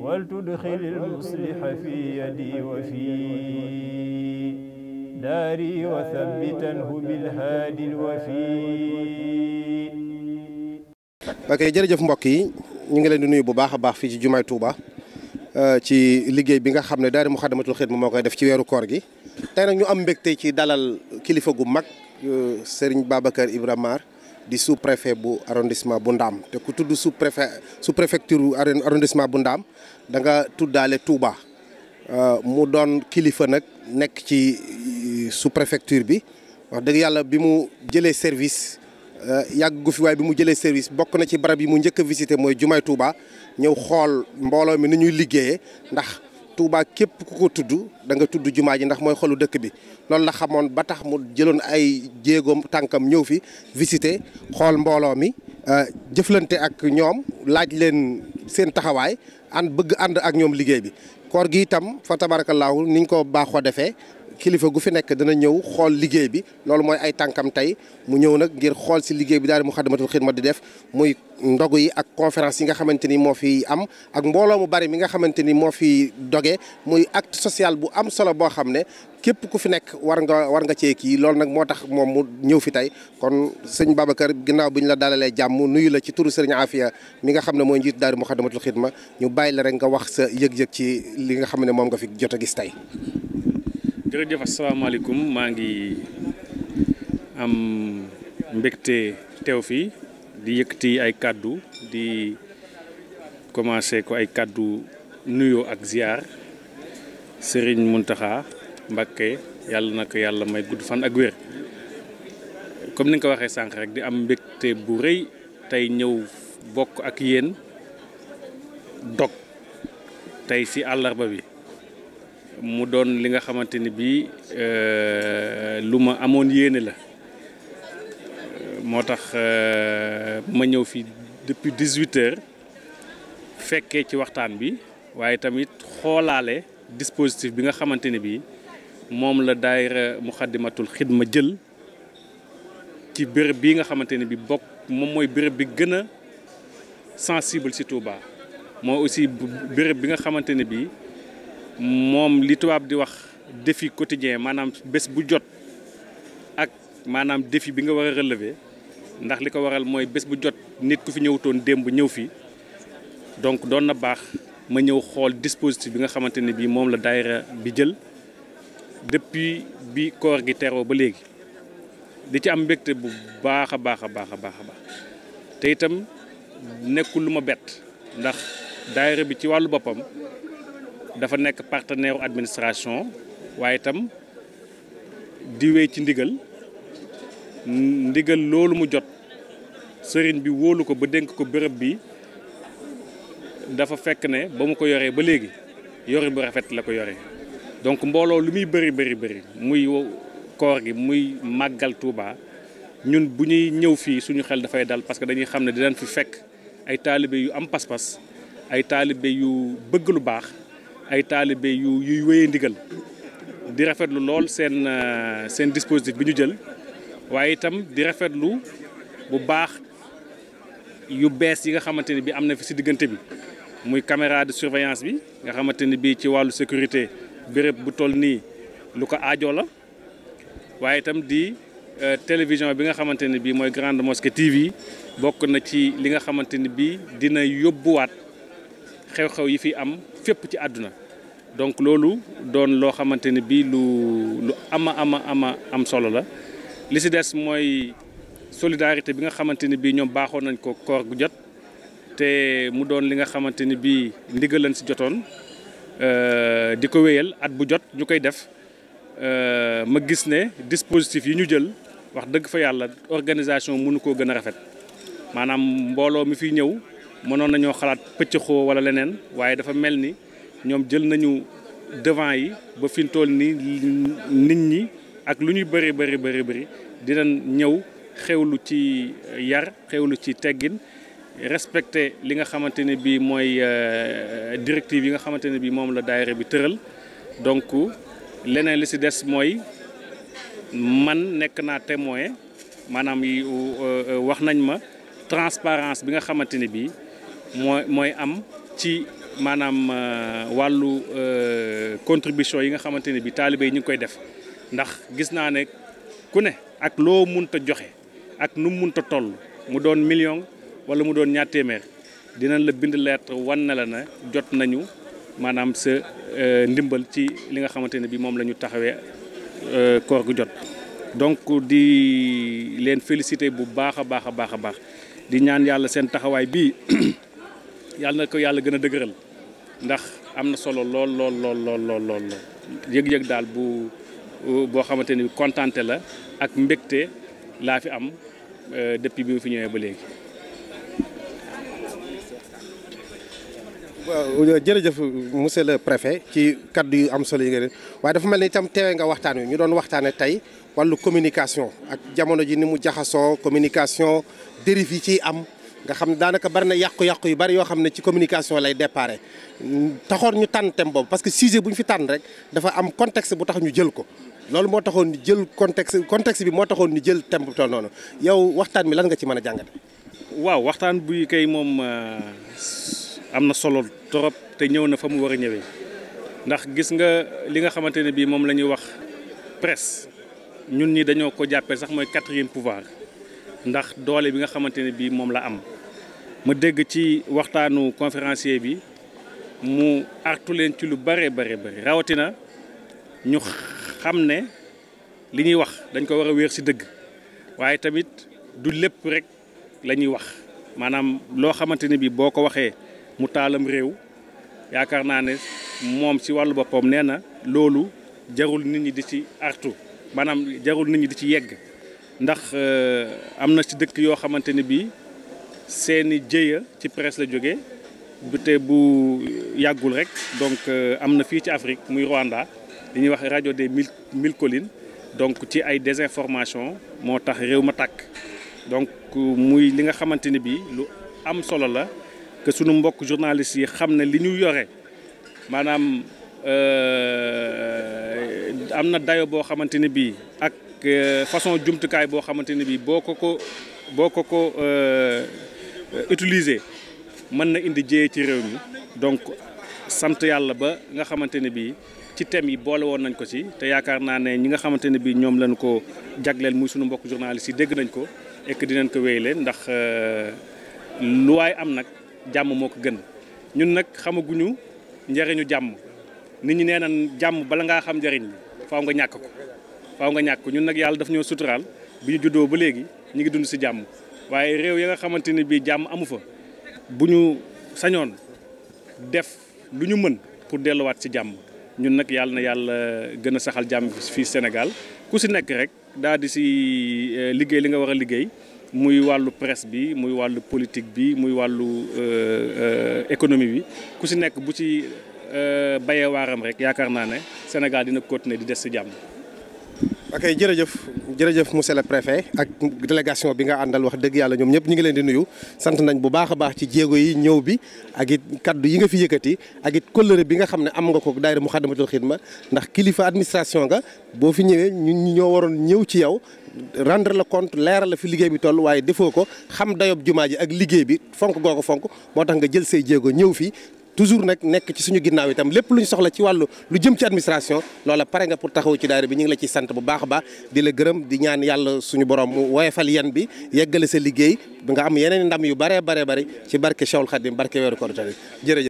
ولتدخل المصلح في يدي وفي داري وثبتنه بالهادي الوفي ok jërëjëf mbokk yi ñu ngi leen di nuyu bu baax a baax fii ci jumaay Touba euh, ci liggéey bi nga xam ne daari Muxaddamatul Xidma moo koy def ci weeru koor gi tey nag ñu am mbégte ci dalal kilifa gu mag euh, sëriñ Babacar Ibra Mar di sous préfet bu arrondissement bu Ndaam te ku tudd sous préfet sous préfecture arrondissement bu Ndaam danga tuddaale Touba euh, mu doon kilifa nag nekk ci euh, sous préfecture bi wax dëgg yàlla bi mu jëlee service euh, yàgg gu fi waaye bi mu jëlee service bokk na ci barab yi mu njëkk a visité mooy jumaay Touba ñëw xool mbooloo mi ni ñuy liggéeye ndax. Touba képp ku ko tudd da nga tudd jumaa ji ndax mooy xolu dëkk bi loolu la xamoon ba tax mu jëloon ay jéegoom tànkam ñëw fi visiter xool mbooloo mi euh, jëflante ak ñoom laaj leen seen taxawaay ànd bëgg ànd ak ñoom liggéey bi koor gi itam fa tabarakallahu niñ ko baaxoo defee kilifa gu fi nekk dana ñëw xool liggéey bi loolu mooy ay tànkam tey mu ñëw nag ngir xool si liggéey bi daal mu xadamatul xidma di def muy ndogu yi ak conférence yi nga xamante ni moo fi am ak mbooloo mu bari mi nga xamante ni moo fi doge muy acte social bu am solo boo xam ne képp ku fi nekk war nga war nga cee kii loolu nag moo tax moom mu ñëw fi tey kon sëñ Babacar ginnaaw bi ñu la dalalee jàmm nuyu la ci turu sëriñ Afia mi nga xam ne mooy njiit daari mu xadamatul xidma ñu bàyyi la rek nga wax sa yëg-yëg ci li nga xam ne moom nga fi jot a gis tey jërëjëf asalaamaaleykum maa ngi am mbégte teew fii di yëkkati ay kàddu di commencé ko ay kàddu nuyoo ak ziar Serigne Mountakha Mbacké yàlla na ko yàlla may gudd fan ak wér comme ni nga ko waxee sànq rek di am mbégte bu rëy tey ñëw bokk ak yéen dog tey si àllarba bi mu doon li nga xamante ni bii euh, lu ma amoon yéene la moo tax euh, ma ñëw fii depuis dix-huit heures fekkee ci waxtaan bi waaye tamit xoolaale dispositif bi nga xamante ni bii moom la daayira Muxaddamatul Xidma jël ci bërëb bii nga xamante ni bii bokk moom mooy bërëb bi gën a sensible ci Touba moo aussi béréb bi nga xamante ni moom li tubaab di wax défi quotidien maanaam bés bu jot ak maanaam défi bi nga war a relever ndax li ko waral mooy bés bu jot nit ku fi ñëwutoon démb ñëw fii donc doon na baax ma ñëw xool dispositif bi nga xamante ne bii moom la daayira bi jël depuis bi koor gi teroo ba léegi di ci am mbégte bu baax a baax a baax a baax a baax te itam nekkul lu ma bett ndax daayira bi ci wàllu boppam dafa nekk partenaire administration waaye itam di wéy ci ndigal ndigal loolu mu jot sëriñ bi wóolu ko ba dénk ko bërëb bi dafa fekk ne ba mu ko yoree ba léegi yore bu rafet la ko yore donc mbooloo lu muy bëri bëri bëri muy koor gi muy màggal Touba ñun bu ñuy ñëw fii suñu xel dafay dal parce que dañuy xam ne di dinañ fi fekk ay taalibe yu am pas-pas ay taalibe yu bëgg lu baax ay taalibe yu yuy wéyee ndigal di rafetlu lool seen euh, seen dispositif bi ñu jël waaye itam di rafetlu bu baax yu bees yi nga xamante ni bi am na fi si diggante bi muy caméra de surveillance bi nga xamante ni bii ci wàllu sécurité bërëb bu toll nii lu ko aajoo la waaye itam di euh, télévision bi nga xamante ne bii mooy Grande Mosquée TV bokk na ci li nga xamante ni bii dina yóbbuwaat xew-xew yi fi am fépp ci àdduna donc loolu doon loo xamante ni bii lu ama ama ama am solo la li si des mooy solidarité bi nga xamante ni bii ñoom baaxoon nañ ko koor gu jot te mu doon li nga xamante ni bii ndigal lañ si jotoon euh, di ko wéyal at bu jot ñu koy def euh, ma gis ne dispositif yi ñu jël wax dëgg fa yàlla organisation mënu koo gën a rafet maanaam mbooloo mi fiy ñëw mënoon nañoo xalaat pëccëxoo wala leneen waaye dafa mel ni ñoom jël nañu devant yi ba fi mu toll nit ñi ak lu ñuy bëri bëri bëri bëri dinañ ñëw xewlu ci yar xew lu ci teggin respecté li nga xamante ne bii mooy euh, directive yi nga xamante ne bii moom la daayira bi tëral donc leneen li si des mooy man nekk naa témoin maanaam euh, euh, wax nañ ma transparence bi nga xamante ne bii mooy am ci maanaam euh, wàllu euh, contribution yi nga xamante ne bi taalibe yi ñu ngi koy def ndax gis naa ne ku ne ak loo munta joxe ak nu munta toll mu doon million wala mu doon ñaar téeméer dinañ la bind lettre wan na la na jot nañu maanaam sa euh, ndimbal ci li nga xamante ne bi moom la ñu taxawee koor gu jot donc di leen félicité bu baax a baax a baax a baax di ñaan yàlla seen taxawaay bii yàlla na ko yàlla gën a dëgëral ndax am na solo lool lool lool lool lool lool yëg-yëg daal bu boo xamante ni kontante la ak mbégte laa fi am euh, depuis bi mu fi ñëwee ba léegi. waaw euh, jërëjëf monsieur le préfet ci kaddu yu am solo yi nga ne waaye dafa mel ni itam teewee nga waxtaan wi ñu doon waxtaanee tey wàllu communication ak jamono ji ni mu jaxasoo communication dérive yi ciy am. nga xam ne daanaka bari na yàqu-yàqu yu bari yoo xam ne ci communication lay déparé taxoon ñu tànn thème parce que sujet bu ñu fi tànn rek dafa am contexte bu tax ñu jël ko loolu moo taxoon ñu jël contexte contexte bi moo taxoon ñu jël thème bu toll noonu yow waxtaan mi lan nga ci mën a jàngate waaw waxtaan bi kay moom euh, am na solo trop te ñëw na fa mu war a ñëwee ndax gis nga li nga xamante ne bii moom la ñuy wax presse ñun ñi dañoo ko jàppee sax mooy quatrième pouvoir ndax doole bi nga xamante ne bii moom la am ma dégg ci waxtaanu conférencier bi mu artu leen ci lu bare bare bare rawatina ñu xam ne li ñuy wax dañ ko war a wéer si dëgg waaye tamit du lépp rek la ñuy wax maanaam loo xamante ne bi boo ko waxee mu taalam réew yaakaar naa ne moom ci wàllu boppam nee na loolu jarul nit ñi di ci artu maanaam jarul nit ñi di ci yegg ndax euh, am na ci dëkk yoo xamante ne bii seeni jëya ci presse la jógee bu te bu yàggul rek donc euh, am na fii ci Afrique muy Rwanda li ñuy wax rajo des mille mille collines donc ci ay désinformation moo tax réew ma tàkk donc muy li nga xamante ni bii lu am solo la que sunu mbokk journalistes yi xam ne li ñu yore maanaam euh, am na dayo boo xamante ni bii ak euh, façon jumtukaay boo xamante ni bii boo ko ko boo ko ko utiliser mën na indi jéey ci réew mi donc sant yàlla ba nga xamante ne bii ci thème yi boole woon nañ ko ci te yaakaar naa ne ñi nga xamante ne bii ñoom lañ ko jagleel muy suñu mbokk journaliste yi dégg nañ ko et que dinañ ko wéy leen ndax euh, lu waay am nag jàmm moo ko gën ñun nag xamaguñu njëriñu jàmm nit ñi nee nañ jàmm bala ngaa xam njariñ bi faaw nga ñàkk ko faaw nga ñàkk ko ñun nag yàlla daf ñoo suturaal bi ñu juddoo ba léegi ñu ngi dund si jàmm waaye réew ya nga xamante ni bii jàmm amu fa bu ñu sañoon def lu ñu mën pour delluwaat ci jàmm ñun nag yàlla na yàlla gën a saxal jàmm fii Sénégal ku si nekk rek daal di si euh, liggéey li nga war a liggéey muy wàllu presse bi muy wàllu politique bi muy wàllu euh, euh, économie bi ku si nekk bu ci bayee waaram rek yaakaar naa ne Sénégal dina continuer di des si jàmm ok jërëjëf jërëjëf monsieur le préfet ak délégation bi nga àndal wax dëgg yàlla ñoom ñëpp ñu ngi leen di nuyu sant nañ bu baax a baax ci jéego yi ñëw bi ak it kaddu yi nga fi yëkkati ak it kóllëre bi nga xam ne am nga ko daayira Muxaddamatul Xidma ndax kilifa administration nga boo fi ñëwee ñu ñoo waroon ñëw ci yow rendre la compte leeral la fi liggéey bi toll waaye defoo ko xam dayob jumaa ji ak liggéey bi fonk goo ko fonk moo tax nga jël say jéego ñëw fi toujours nag nekk ci suñu ginnaaw itam lépp lu ñu soxla ci wàllu lu jëm ci administration loola pare nga pour taxaw ci daara bi ñu ngi la ciy sant bu baax a baax di la gërëm di ñaan yàlla suñu borom mu woyefal yan bi yeggale sa liggéey bi nga am yeneen ndam yu bare baree bari ci barke Cheikhul Khadim barke weeru koor tamit jërëjëf